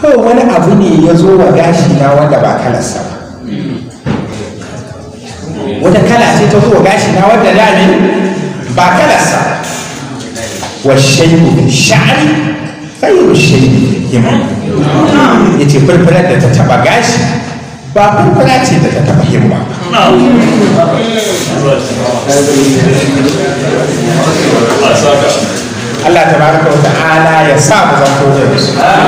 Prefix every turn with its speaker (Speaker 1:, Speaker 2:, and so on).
Speaker 1: kawai wani abu ne ya zo wa gashi na wanda ba kalarsa ba
Speaker 2: wata kala ce ta zo wa gashi na wanda da dami ba kalarsa
Speaker 3: wa shayi sha'ari khairu shayi himan yace furfurar da ta taba gashi ba furfura ce da ta taba himma
Speaker 4: Allah ta tabaraka wa ta'ala ya sa mu zanto da su